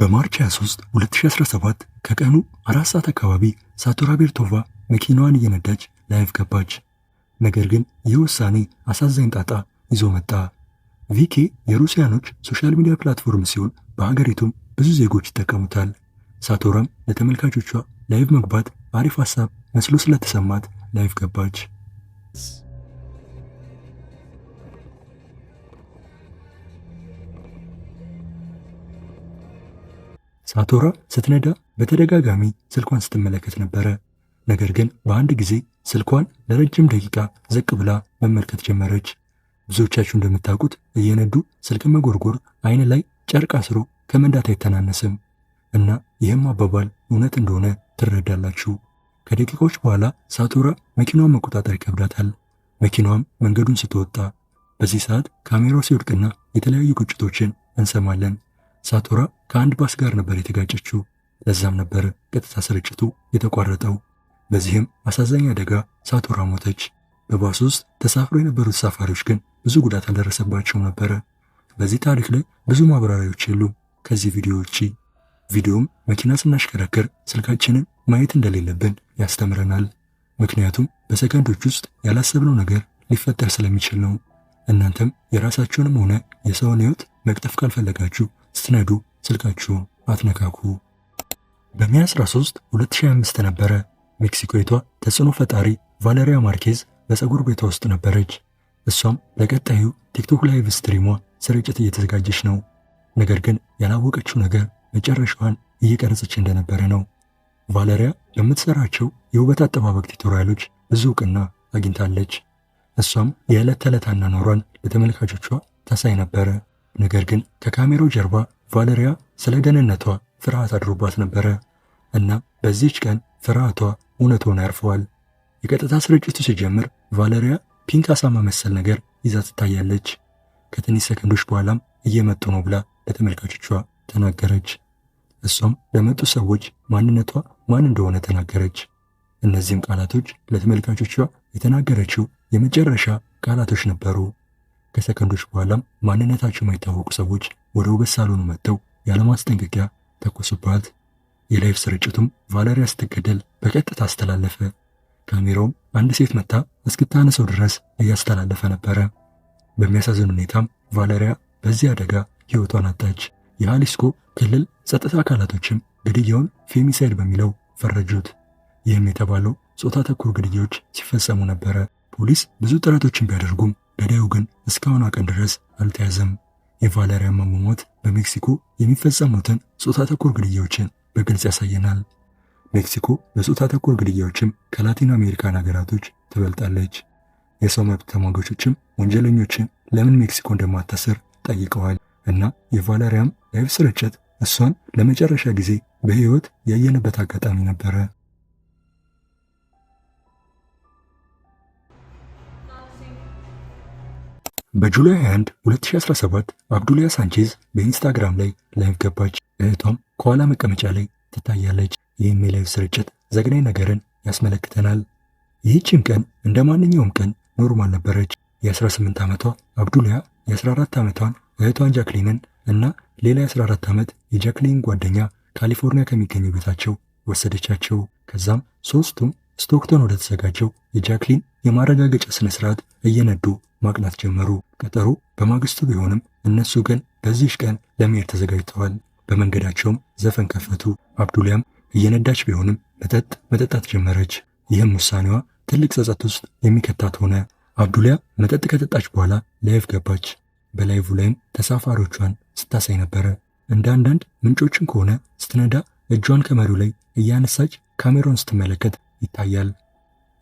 በማርች 23 2017 ከቀኑ አራት ሰዓት አካባቢ ሳቶራ ቤርቶቫ መኪናዋን እየነዳች ላይቭ ገባች። ነገር ግን ይህ ውሳኔ አሳዛኝ ጣጣ ይዞ መጣ። ቪኬ የሩሲያኖች ሶሻል ሚዲያ ፕላትፎርም ሲሆን በሀገሪቱም ብዙ ዜጎች ይጠቀሙታል። ሳቶራም ለተመልካቾቿ ላይቭ መግባት አሪፍ ሀሳብ መስሎ ስለተሰማት ላይቭ ገባች። ሳቶራ ስትነዳ በተደጋጋሚ ስልኳን ስትመለከት ነበረ። ነገር ግን በአንድ ጊዜ ስልኳን ለረጅም ደቂቃ ዘቅ ብላ መመልከት ጀመረች። ብዙዎቻችሁ እንደምታውቁት እየነዱ ስልክ መጎርጎር አይን ላይ ጨርቅ አስሮ ከመንዳት አይተናነስም እና ይህም አባባል እውነት እንደሆነ ትረዳላችሁ። ከደቂቃዎች በኋላ ሳቶራ መኪናዋን መቆጣጠር ይከብዳታል። መኪናዋም መንገዱን ስትወጣ በዚህ ሰዓት ካሜራው ሲወድቅና የተለያዩ ግጭቶችን እንሰማለን። ሳቶራ ከአንድ ባስ ጋር ነበር የተጋጨችው። ለዛም ነበር ቀጥታ ስርጭቱ የተቋረጠው። በዚህም አሳዛኝ አደጋ ሳቶራ ሞተች። በባስ ውስጥ ተሳፍረው የነበሩት ተሳፋሪዎች ግን ብዙ ጉዳት አልደረሰባቸውም ነበረ። በዚህ ታሪክ ላይ ብዙ ማብራሪያዎች የሉ ከዚህ ቪዲዮ ውጪ። ቪዲዮም መኪና ስናሽከረክር ስልካችንን ማየት እንደሌለብን ያስተምረናል። ምክንያቱም በሰከንዶች ውስጥ ያላሰብነው ነገር ሊፈጠር ስለሚችል ነው። እናንተም የራሳችሁንም ሆነ የሰውን ሕይወት መቅጠፍ ካልፈለጋችሁ ስትነዱ ስልካችሁን አትነካኩ። በሜይ 13 2025 ነበረ ሜክሲኮዊቷ ተጽዕኖ ፈጣሪ ቫለሪያ ማርኬዝ በፀጉር ቤቷ ውስጥ ነበረች። እሷም ለቀጣዩ ቲክቶክ ላይቭ ስትሪሟ ስርጭት እየተዘጋጀች ነው። ነገር ግን ያላወቀችው ነገር መጨረሻዋን እየቀረጸች እንደነበረ ነው። ቫለሪያ ለምትሰራቸው የውበት አጠባበቅ ቲቶሪያሎች ብዙ እውቅና አግኝታለች። እሷም የዕለት ተዕለት አኗኗሯን ለተመልካቾቿ ታሳይ ነበረ። ነገር ግን ከካሜራው ጀርባ ቫለሪያ ስለ ደህንነቷ ፍርሃት አድሮባት ነበረ እና በዚህች ቀን ፍርሃቷ እውነት ያርፈዋል። የቀጥታ ስርጭቱ ሲጀምር ቫለሪያ ፒንክ አሳማ መሰል ነገር ይዛ ትታያለች። ከትንሽ ሰከንዶች በኋላም እየመጡ ነው ብላ ለተመልካቾቿ ተናገረች። እሷም ለመጡ ሰዎች ማንነቷ ማን እንደሆነ ተናገረች። እነዚህም ቃላቶች ለተመልካቾቿ የተናገረችው የመጨረሻ ቃላቶች ነበሩ። ከሰከንዶች በኋላም ማንነታቸው የማይታወቁ ሰዎች ወደ ውበት ሳሎኑ መጥተው ያለማስጠንቀቂያ ተኮሱባት። የላይቭ ስርጭቱም ቫለሪያ ስትገደል በቀጥታ አስተላለፈ። ካሜራውም አንድ ሴት መታ እስክታነሰው ድረስ እያስተላለፈ ነበረ። በሚያሳዝን ሁኔታም ቫለሪያ በዚህ አደጋ ህይወቷን አጣች። የሃሊስኮ ክልል ጸጥታ አካላቶችም ግድያውን ፌሚሳይድ በሚለው ፈረጁት። ይህም የተባለው ጾታ ተኮር ግድያዎች ሲፈጸሙ ነበረ። ፖሊስ ብዙ ጥረቶችን ቢያደርጉም ገዳዩ ግን እስካሁኗ ቀን ድረስ አልተያዘም። የቫለሪያ መሞት በሜክሲኮ የሚፈጸሙትን ጾታ ተኮር ግድያዎችን በግልጽ ያሳየናል። ሜክሲኮ በጾታ ተኮር ግድያዎችም ከላቲን አሜሪካን ሀገራቶች ትበልጣለች። የሰው መብት ተሟጋቾችም ወንጀለኞችን ለምን ሜክሲኮ እንደማታስር ጠይቀዋል እና የቫለሪያም ላይፍ ስርጭት እሷን ለመጨረሻ ጊዜ በህይወት ያየንበት አጋጣሚ ነበረ። በጁላይ 1 2017 አብዱሊያ ሳንቼዝ በኢንስታግራም ላይ ላይቭ ገባች። እህቷም ከኋላ መቀመጫ ላይ ትታያለች። ይህም የላይቭ ስርጭት ዘግናኝ ነገርን ያስመለክተናል። ይህችም ቀን እንደ ማንኛውም ቀን ኖርማል ነበረች። የ18 ዓመቷ አብዱሊያ የ14 ዓመቷን እህቷን ጃክሊንን እና ሌላ የ14 ዓመት የጃክሊን ጓደኛ ካሊፎርኒያ ከሚገኙ ቤታቸው ወሰደቻቸው። ከዛም ሶስቱም ስቶክቶን ወደተዘጋጀው የጃክሊን የማረጋገጫ ስነ ስርዓት እየነዱ ማቅናት ጀመሩ። ቀጠሩ በማግስቱ ቢሆንም እነሱ ግን በዚህ ቀን ለመሄድ ተዘጋጅተዋል። በመንገዳቸውም ዘፈን ከፈቱ። አብዱሊያም እየነዳች ቢሆንም መጠጥ መጠጣት ጀመረች። ይህም ውሳኔዋ ትልቅ ጸጸት ውስጥ የሚከታት ሆነ። አብዱሊያ መጠጥ ከጠጣች በኋላ ላይቭ ገባች። በላይቭ ላይም ተሳፋሪዎቿን ስታሳይ ነበረ። እንደ አንዳንድ ምንጮችን ከሆነ ስትነዳ እጇን ከመሪው ላይ እያነሳች ካሜራውን ስትመለከት ይታያል።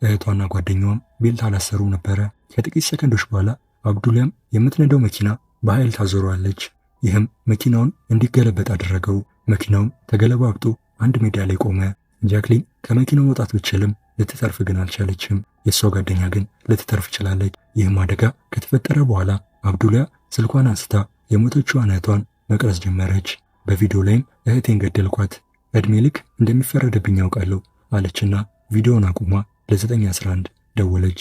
እህቷና ጓደኛዋም ቤልት አላሰሩ ነበረ። ከጥቂት ሰከንዶች በኋላ አብዱልያም የምትነደው መኪና በኃይል ታዞረዋለች። ይህም መኪናውን እንዲገለበጥ አደረገው። መኪናውም ተገለባብጦ አንድ ሜዳ ላይ ቆመ። ጃክሊን ከመኪናው መውጣት ብችልም ልትተርፍ ግን አልቻለችም። የእሷ ጓደኛ ግን ልትተርፍ ችላለች። ይህም አደጋ ከተፈጠረ በኋላ አብዱላ ስልኳን አንስታ የሞተችዋን እህቷን መቅረጽ ጀመረች። በቪዲዮ ላይም እህቴን ገደልኳት፣ ዕድሜ ልክ እንደሚፈረድብኝ ያውቃለሁ አለችና ቪዲዮውን አቁማ ለ911 ደወለች።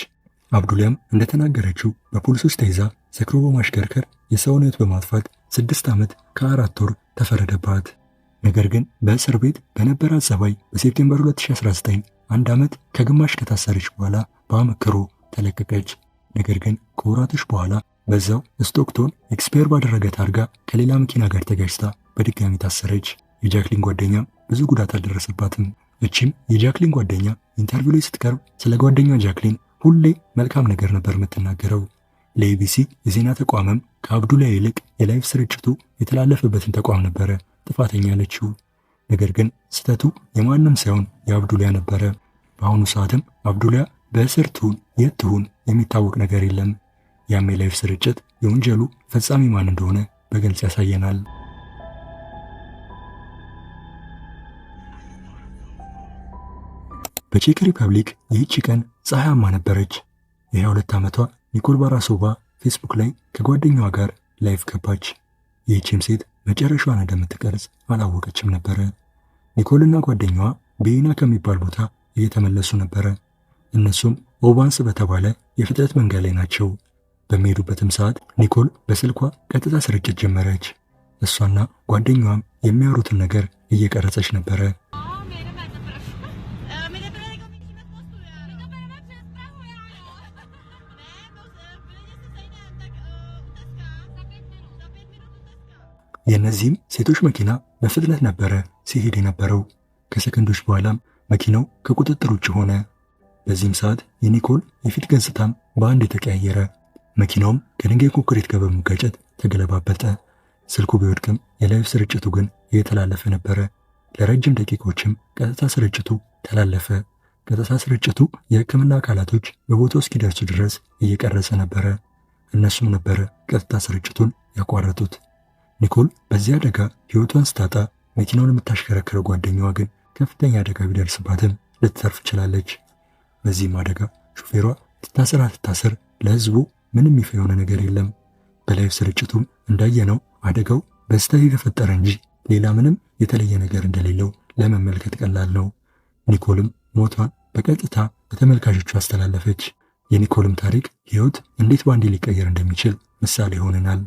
አብዱሊያም እንደተናገረችው በፖሊሶች ተይዛ ሰክሮ በማሽከርከር የሰውን በማጥፋት ስድስት ዓመት ከአራት ወር ተፈረደባት። ነገር ግን በእስር ቤት በነበራት ጸባይ በሴፕቴምበር 2019 አንድ ዓመት ከግማሽ ከታሰረች በኋላ በአመክሮ ተለቀቀች። ነገር ግን ከወራቶች በኋላ በዛው ስቶክቶን ኤክስፔር ባደረገ ታርጋ ከሌላ መኪና ጋር ተጋጭታ በድጋሚ ታሰረች። የጃክሊን ጓደኛ ብዙ ጉዳት አልደረሰባትም። እቺም የጃክሊን ጓደኛ ኢንተርቪው ላይ ስትቀርብ ስለ ጓደኛ ጃክሊን ሁሌ መልካም ነገር ነበር የምትናገረው። ለኢቢሲ የዜና ተቋምም ከአብዱላ ይልቅ የላይፍ ስርጭቱ የተላለፈበትን ተቋም ነበረ ጥፋተኛ ያለችው። ነገር ግን ስህተቱ የማንም ሳይሆን የአብዱሊያ ነበረ። በአሁኑ ሰዓትም አብዱሊያ በእስር ትሁን የት ትሁን የሚታወቅ ነገር የለም። ያም የላይፍ ስርጭት የወንጀሉ ፈጻሚ ማን እንደሆነ በግልጽ ያሳየናል። በቼክ ሪፐብሊክ ይህቺ ቀን ፀሐያማ ነበረች። የ22 ዓመቷ ኒኮል ባራሶቫ ፌስቡክ ላይ ከጓደኛዋ ጋር ላይፍ ገባች። ይህችም ሴት መጨረሻዋን እንደምትቀርጽ አላወቀችም ነበረ። ኒኮልና ጓደኛዋ ቤና ከሚባል ቦታ እየተመለሱ ነበረ። እነሱም ኦባንስ በተባለ የፍጥነት መንገድ ላይ ናቸው። በሚሄዱበትም ሰዓት ኒኮል በስልኳ ቀጥታ ስርጭት ጀመረች። እሷና ጓደኛዋም የሚያወሩትን ነገር እየቀረጸች ነበረ። የእነዚህም ሴቶች መኪና በፍጥነት ነበረ ሲሄድ የነበረው። ከሰከንዶች በኋላም መኪናው ከቁጥጥር ውጭ ሆነ። በዚህም ሰዓት የኒኮል የፊት ገጽታም በአንድ የተቀያየረ፣ መኪናውም ከድንጋይ ኮንክሪት ጋር በመጋጨት ተገለባበጠ። ስልኩ ቢወድቅም የላይፍ ስርጭቱ ግን እየተላለፈ ነበረ። ለረጅም ደቂቃዎችም ቀጥታ ስርጭቱ ተላለፈ። ቀጥታ ስርጭቱ የሕክምና አካላቶች በቦታው እስኪደርሱ ድረስ እየቀረጸ ነበረ። እነሱም ነበረ ቀጥታ ስርጭቱን ያቋረጡት። ኒኮል በዚህ አደጋ ህይወቷን ስታጣ መኪናውን የምታሽከረክረው ጓደኛዋ ግን ከፍተኛ አደጋ ቢደርስባትም ልትተርፍ ችላለች። በዚህም አደጋ ሹፌሯ ትታሰር ለህዝቡ ምንም ይፋ የሆነ ነገር የለም። በላይቭ ስርጭቱም እንዳየነው አደጋው በስተት የተፈጠረ እንጂ ሌላ ምንም የተለየ ነገር እንደሌለው ለመመልከት ቀላል ነው። ኒኮልም ሞቷን በቀጥታ ለተመልካቾቹ አስተላለፈች። የኒኮልም ታሪክ ህይወት እንዴት በአንዴ ሊቀየር እንደሚችል ምሳሌ ይሆነናል።